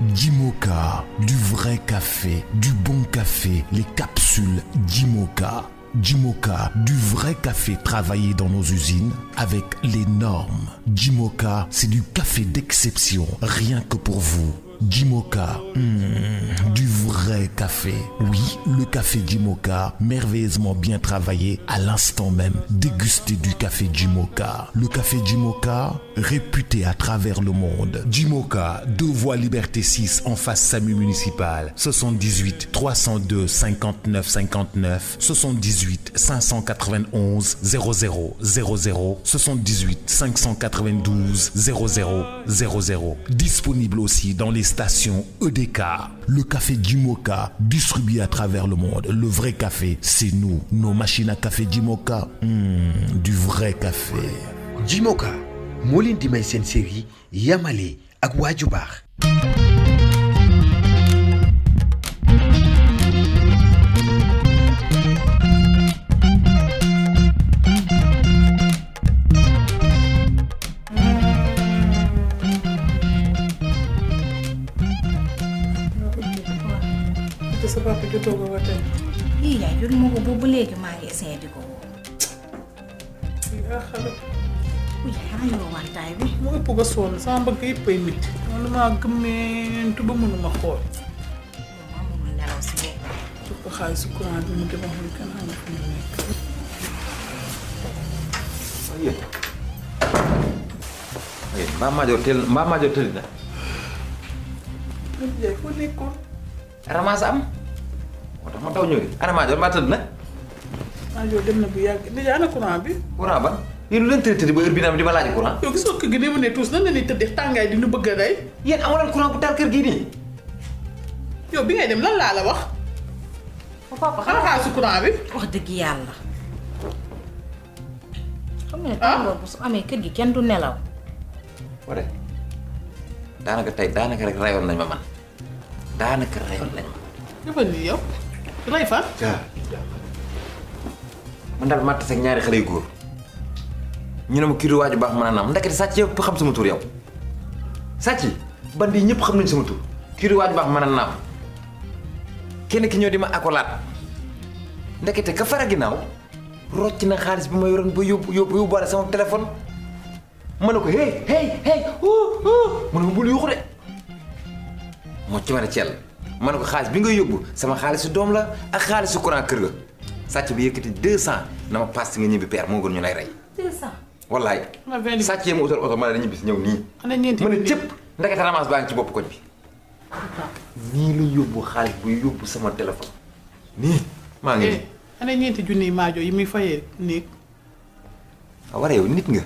Dimoka, du vrai café, du bon café, les capsules Dimoka. Dimoka, du vrai café travaillé dans nos usines avec les normes. Dimoka, c'est du café d'exception, rien que pour vous. Jimoka. Hmm, du vrai café. Oui, le café Jimoka, merveilleusement bien travaillé à l'instant même. Dégustez du café Jimoka. Le café Jimoka, réputé à travers le monde. Jimoka, deux voies Liberté 6 en face SAMU municipal. 78 302 59 59 78 591 00 00 78 592 00 00. Disponible aussi dans les Station EDK. Le café Jimoka distribué à travers le monde. Le vrai café, c'est nous. Nos machines à café Jimoka hmm, du vrai café. Jimoka Moulin série Yamale ak Saya di ko woo. yaa xale. uy xanaa yoroo wantaay bi. sama mbagg yëpp ay métti. man damaa gëmmeentu ba mënuma xool. maa mënul nelaw si boppam. jox ko xaalisu courant bi mu dem ak lu kenn xamul fu mu nekk. ayé ayé mbaa Madior teel mbaa Madior tëli na. Madior Ndiaye foo Ayo, dem na ya. bu yàgg ya déjà ana courant bi. courant ba yéen lu leen tëdd tëdd ba heure bi naa di ma laaj courant. yow gisoo kër gi ni mu ne tuus nan la ñuy tëddee di nu bëgg iya, a rey. yéen amu leen courant bu taal kër gii nii. yow bi ngay dem lan laa la wax. papa xanaa xaalis si courant bi. wax dëgg yàlla. xam nga ne tàngoor bu su amee kër gi kenn du nelaw. wala daanaka tey daanaka rek rayoon nañ ma man daanaka rayoon nañ ma. dafa nii yow rey fan man daal matt seeg ñaari xalé goor ñu ne mu kiru waju bax mëna nam a naam ndekete xam sama tour yow sàcc bandi ñëpp xam nañ sama tour kiru waju bax mëna nam kenn ki ñoo di ma akolaat ka fara ginaaw rocc na xaaliss bima yoron yoroon yob yob yu yóbbuwaale sama téléphone mëna ko hey hey hey wuu wuu mu bul de mo ci mëna ciel mëna ko xaaliss bi nga yob sama xaaliss doom la ak xaaliss courant kër sàcc bi yëkkati 200 na ma paas nga ñibbi père moo gën ñu lay rey. 200 wallaay. sàcc yi ma utal oto ma ne ñibbi si ñëw nii. ma ne cëpp ndekete ramas baa ngi ci bopp koñ bi. nii la yóbbu xaalis buy yóbbu sama téléphone. nii maa ngi eh, nii. ñeenti maajo yi muy fayee néeg. Ah, war nit nga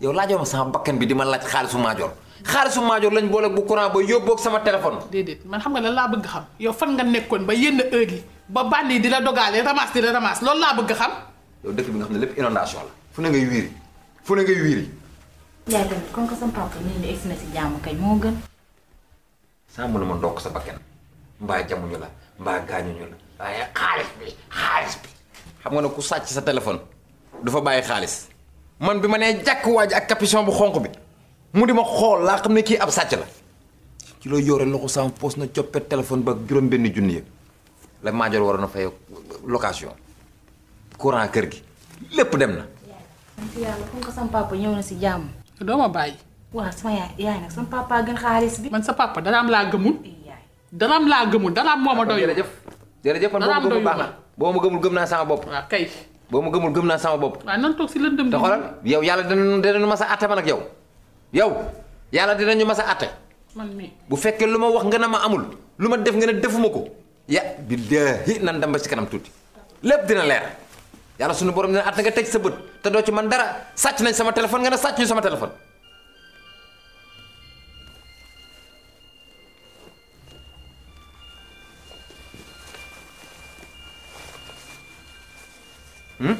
yow laajoo ma sama bakkan bi di ma laaj xaalisu maajoor xaalisu maajoor lañ boole bu courant ba yóbboog sama téléphone. déedéet man xam nga lan laa bëgg xam yow fan nga nekkoon ba yenn heure yi ba bandi di la dogaale ramas di la ramas loolu la bëgg xam yow dëkk bi nga xam ne lépp inondation la fu ne ngay wiiri fu ne ngay wiiri yaay tamit kon ko sama papa ñu ñu egsi na si jaamu kay moo gën sa mën ma ndokk sa bakken mbaa jamuñu la mbaa gaañuñu la waaye xaalis bi xaalis bi xam nga ne ku sàcc sa téléphone du fa bàyyi xaalis man bi ma nee jàkk waa ak capuchon bu xonq bi mu di ma xool laa xam ne kii ab sàcc la ci loo yore loxo sama pos na coppet téléphone ba juróom benn junni yëpp ya. la maajoor waroon a fay location courant kër gi lépp dem na. yàlla comme sama papa ñëw na si jàmm. doo ma bàyyi. waaw sama yaay yaay nag sama papa gën xaalis bi. man sa papa daraam laa gëmul. daraam laa gëmul daraam moo ma doyul. jërëjëf jërëjëf man boo ma gëmul boo ma gëmul gëm naa sama bopp. waaw kay. boo ma gëmul gëm naa sama bopp. waaw nan toog si lëndëm. te xoolal yow yàlla dinañu dinañu ma sa àtte man ak yow. yow dina dinañu ma sa àtte. man mii bu fekkee lu ma wax nga ne ma amul lu ma def nga ne defuma ko ya billahi nan dem ba ci kanam tuti lepp dina leer yalla ya sunu borom dina at nga tej sa bët te do ci man dara sacc nañ sama telephone nga na sacc ñu sama telephone Hmm?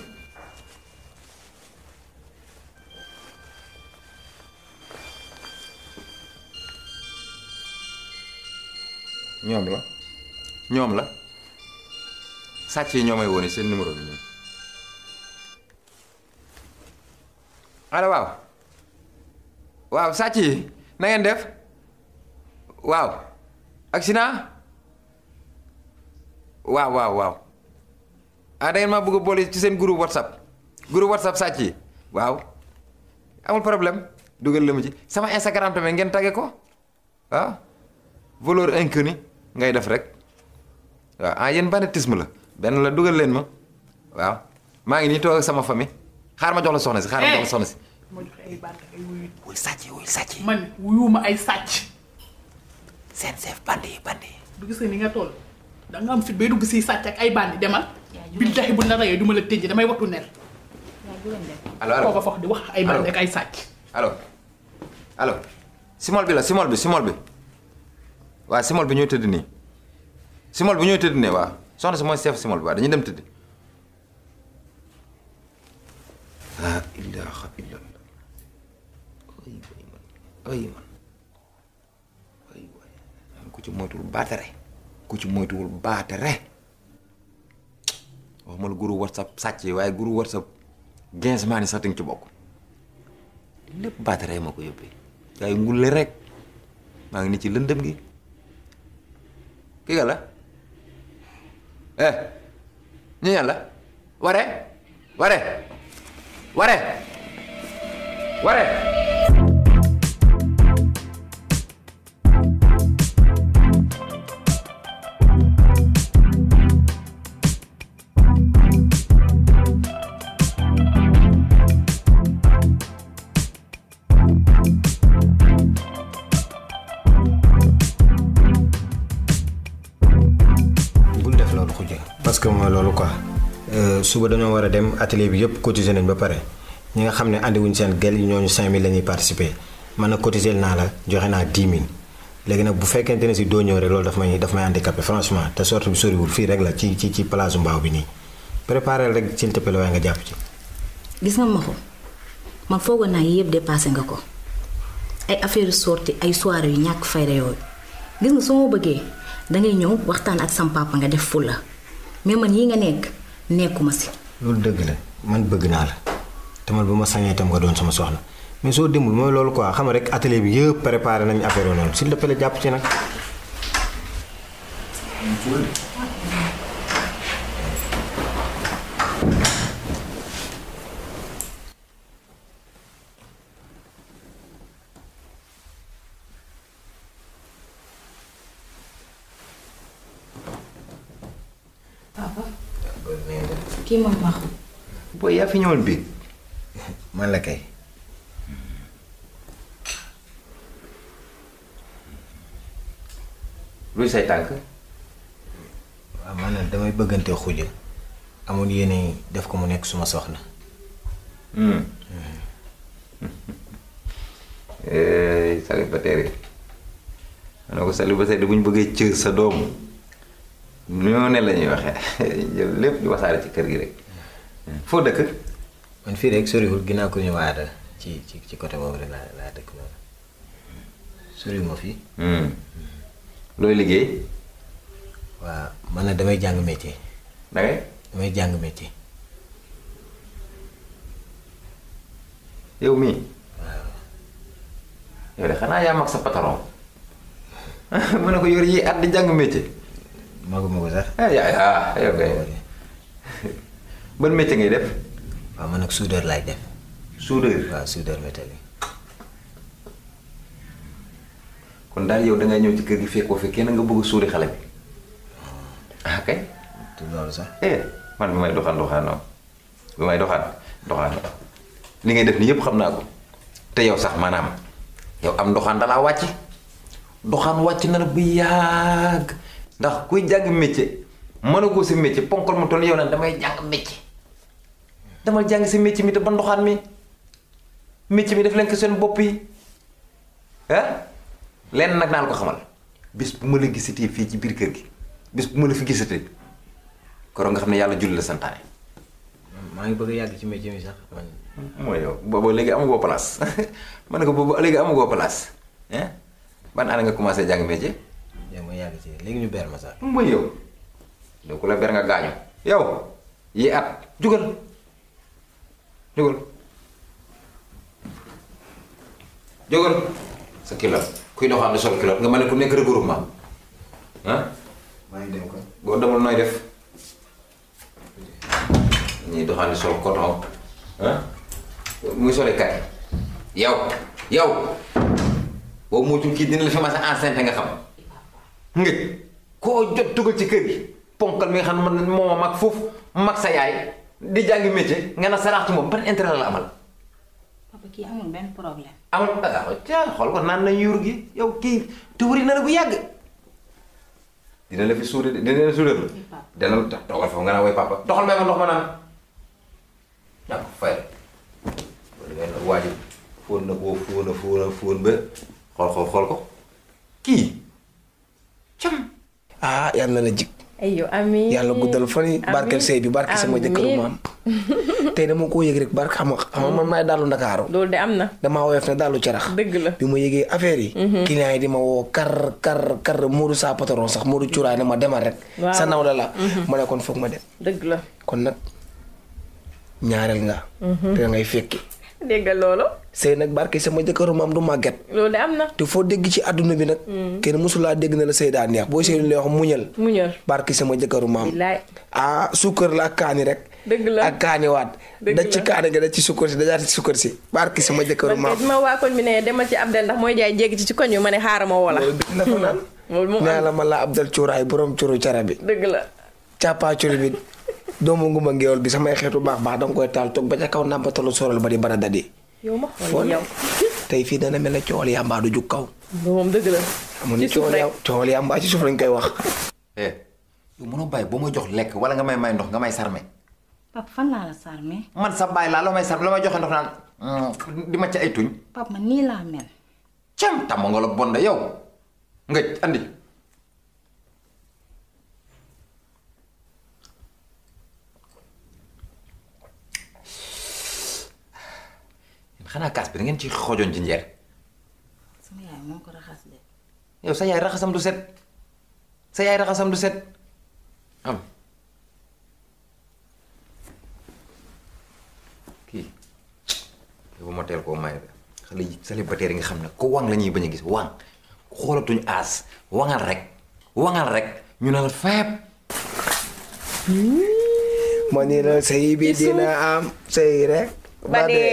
ñoom la ñoom la sàcc yi ñoo wone seen numéro bi ñoom waaw waaw sàcc yi na def waaw accident waaw waaw waaw ah da ngeen maa bëgg a boole ci seen groupe whatsapp groupe whatsapp sàcc yi waaw amul problème dugal la mu ci sama Instagram tamit ngeen tage ko ah valeur inconnu ngay def rek waaw ah yéen banditisme la benn la dugal leen ma waaw maa ngi nii toog sama famille xaar ma jox la soxna si xaar ma jox la soxna si. wuy jox ay bàtt sàcc wuyu sàcc. man wuyuma ay sàcc. seen chef bandi yi bandi yi. du gis ni nga toll da nga am fit bay dugg si sàcc ak ay bandi demal. bil billahi bu narayee du ma la tëjee damay waxtu nel. allo allo kooka foog di wax ay bandi ak ay sàcc. allo allo simol bi la simol bi simol bi waaw simol bi ñooy tëdd nii. simol bu ñoo tëdd ne waaw soxna si mooy chef simol ba dem tëdd laa ilaaha illallah ay way ku ci moytuwul baatare ku ci moytuwul baatare wax ma la guru whatsapp sàcc waaye guru whatsapp gens maa ni sax ci bokk lépp baatare ma ko yóbbee waaye ngulle rek maa ngi ni ci lëndëm gi ki la eh ñu ñan la ware ware ware ware du ko jege. parce que mooy loolu quoi euh, suba dañoo war a dem atelier bi yëpp cotiser nañ ba pare ñi nga xam ne andiwuñ seen gel yi ñooñu 5000 la ñuy participer man cotiser naa la joxe naa 10 léegi nag bu fekkente ne si doo ñëw rek loolu daf may daf may handicapé franchement te sorte bi soriwul fii rek la ci ci ci mbaaw bi nii préparé rek ci tëppale waaye nga jàpp ci. gis nga ma ko man foogoon naa yëpp dépassé nga ko ay affaire sortie ay soirée yu ñàkk fayda dangay ñëw waxtaan ak sam nga def fu la mais man yi nga nekk nekkuma si. loolu dëgg la man bëgg naa la te man bu ma sañee itam nga doon sama soxla mais soo demul mooy loolu quoi xam rek atelier bi yëpp préparé nañu affaire noonu s'il te plaît jàpp ci nag. kii mooy Bakh. booy yaa fi ñëwoon bii man la kay. luy say tànk. waaw maanaam damay bëggante xuja amoon yéene def ko mu nekk suma soxna. Hmm. Hmm. Eh, sali ba tey ko sali ba tey bu ñu bëggee cër sa doom. ñoo ne la lépp ñu wasaare ci kër gi rek. foo dëkk. man fii rek soriwul ginnaaw ko ñu waada ci ci ci côté boobu rek laa dëkk noonu soriwul ma fii. Hmm. looy liggéey. waaw man nag damay jàng métier. da ngay. damay jàng métier. yow mii. waaw. yow de xanaa yaa mag sa patron. mën na ko yor yi at jàng métier. maguma ko sax. ah ngay def. waaw man nag soudeur laay def. soudeur waaw ah, soudeur métallique. kon daal yow dangay ñëw ci kër gi fekkoo fi kenn nga bëgg a suuri xale bi. ah kay. sax. Eh, man bi may doxaan doxaan li oh. ngay def nii yëpp xam naa ko te yow sax maanaam yow am doxaan dalaa wàcc doxaan wàcc na la bu yàgg. ndax kuy jang métier mënagoo ci métier ponkol mu toll yow naan damay jang métier dama jang ci métier mi te ba ndoxaan mi métier mi daf len ko sen bop yi hein len nak naan ko xamal bis bu ma la gisatee fi ci bir keur gi bis bu ma la fi gisatee koro nga xamne yalla yàlla la santane ma ngi bëgg yagg ci métier mi sax man. mooy yow booba léegi amagoo place ma ne ko booba léegi amagoo place ban ana nga commencé jang métier. yàgg ci léegi ñu ber ma sax. mu yow yow ku la ber nga gaañu yow yi at jógal jugal jugal sa kilot kuy doxaan di sol kilot nga mel ne ku nekk regroupement ah. ma ngi dem ko boo demul nooy def ñuy doxaan di sol coton ah muy sole kat yow yow mu jul kii dina la fi ma sa enceinte nga xam. ngëj ko jot dugal ci kër bi ponkal mi xam man mom mak foofu mak sa yaay di jang metti nga na sarax ci mom ban intérêt la amal. papa ki amul ben problème. amul da ko ci xol ko nan na yuur gi yow ki te wuri na la bu yag dina la fi suuree dina la suuree la. dina la doxal fo nga na way papa doxal may ma ndox ma naan. yaa ko fay wala ngeen nag fon na koo fon na fon na fon ba xol xol xol ko ki cam ah yàlla na la jig. aywa amiin yàlla guddal fan yi barkeel sëy bi barke sama jëkkëru te tey dama koo yëg rek barke xam nga man maay daalu ndakaaru loolu de na. damaa woyof ne daalu carax. dëgg la bi ma yëgee affaire yi. Mhm. client yi di ma woo kar kar kar Modou sa patron sax Modou Cuuraay ne ma demal rek. waaw sa naw la la. Mhm. ma ne kon foog ma dem. la kon nag ñaareel nga. Mhm. te fekki. dégg nga loolu. sëy nag barke sama jëkkëru maam du màgget. loolu de am na. te foo dégg ci àdduna bi nag. Hmm. kenn mësulaa dégg na la sëy daa neex boo sëy lu neex muñal. muñal barke sama jëkkëru maam. ah sukkër la ak kaani rek. dëgg la ak kaani waat la da ci kaani nga da ci sukkër si dajaat ci sukkër si. barke sama jëkkëru maam parce que ma waa koñ bi ne demal ci ndax mooy jaay jéggi ci koñ bi ma ne xaaral ma woo la. loolu la ma la Abdel cuuraay borom cuuru cara bi. dëgg la càppaa cuuru bi doomu ngumba ngeewal bi samay xeetu baax baax dang koy tal tok ba ca kaw nàmpatalu soral ba di bara dadi yow ma tay fi dana mel ciol ya mba du jug kaw mom deug la ciol ya ciol ya mba ci suuf lañ koy wax eh yow mëno bay bo mo jox lek wala nga may may ndox nga may sarme pap fan la la sarme man sa bay la la may sarme la may joxe ndox naan hmm, di ma ci ay tuñ pap man ni la mel cam tàmm nga la bon yow nga andi xanaa kaas bi da ngeen ci xoojoon ci njeer. sama yaay moo ko raxas de. yow sa yaay raxasam du set sa yaay raxasam du set am kii bu ma teel koo may de xale yi célibataire yi nga xam ne ko wang la ñuy bañ a gis wang xoolatuñu aas wangal rek wangal rek ñu ne la feeb. ma la sëy bi dina am sëy rek. ba de.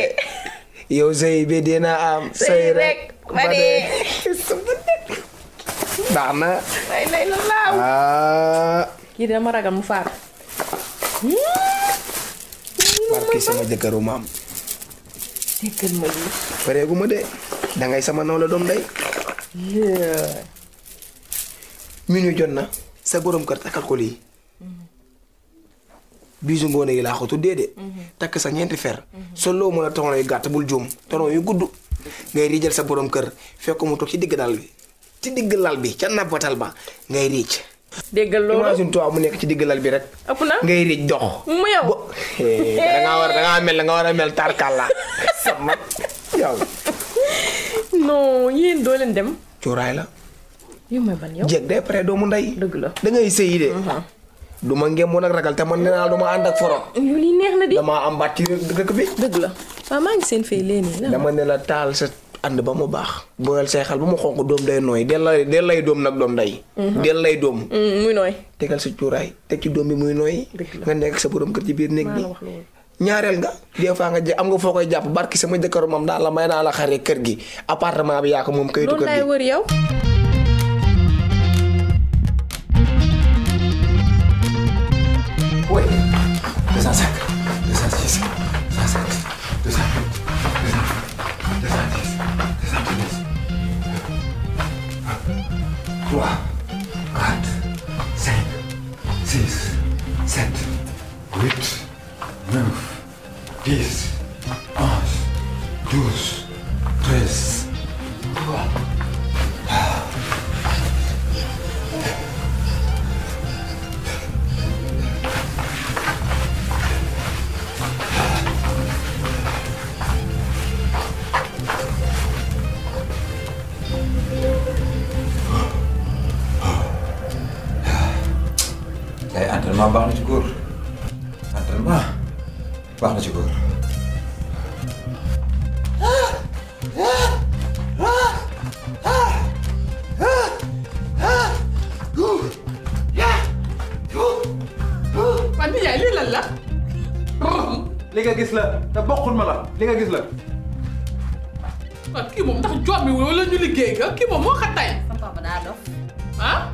Yo am, na'am Sayrek Bade Dana La ilaha illallah Kira mara kamu far hmm. Marki sama jaga rumam mo mali Pare aku made Dangai sama nola dom day. Iya. Yeah Minu jona, Sa gorom karta bisu ngone ila laa ko tuddee de mhm. takk sa ñeenti fer mhm. soloo mu la tonay gatt bul juum tono yu gudd ngay riijal sa borom kër fekk mu tok ci digg dal bi ci digg lal bi ca nabatal ba ngay riij déggal loolu imagine toi mu nek ci digg lal bi rek ëpp ngay riij dox mu yow eh, da nga war da nga mel nga wara mel mel tarkalla sama yow non yeen do len dem cuuraay la yu may ban yow jeeg day pare mu nday deug la da ngay sey de mhm. du ma ngémboon ak ragal te man nee naa du ma ànd ak foro. lii am baat ci dëkk bi. dëgg la waaw maa ngi seen fay léegi. dama ne taal sa ànd ba mu baax. booyal say xal bu mu xonq doom day nooy del del lay doom nag doom day. Mhm. del lay doom. Mhm, muy nooy. tegal sa cuuraay teg ci doom bi muy nooy. nga nekk sa borom kër ci biir néeg bi. ñaareel nga des fois nga je am nga foo koy jàpp barki sama jëkkër moom daal la may naa la xare kër gi apartement bi yaa ko moom kayitu kër gi. loolu うわ entraînement baax na ci góor entraînement baax na ci góor. waaw nit yaay lii lan la. li nga gis la te bokkul ma la li nga gis la. waaw kii moom ndax jox mi wala ñu liggéey nga kii moom moo xataay. sa papa daa dof ah.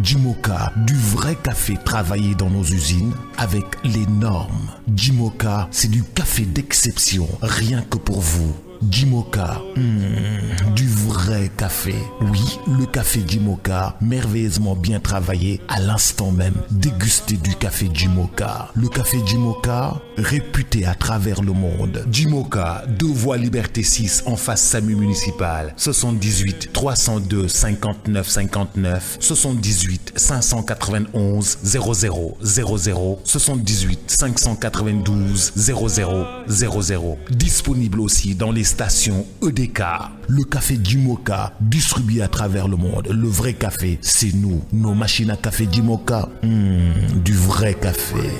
Jimoka, du vrai café travaillé dans nos usines avec les normes. Jimoka, c'est du café d'exception, rien que pour vous. Jimoka, hmm, du vrai café. Oui, le café Jimoka, merveilleusement bien travaillé à l'instant même. Dégustez du café Jimoka. Le café Jimoka, réputé à travers le monde. Jimoka, deux voies Liberté 6 en face SAMU municipal. 78 302 59 59 78 591 00 00 78 592 00 00. Disponible aussi dans les Station EDK. Le café Jimoka, distribué à travers le monde. Le vrai café, c'est nous. Nos machines à café Jimoka, hmm, du vrai café.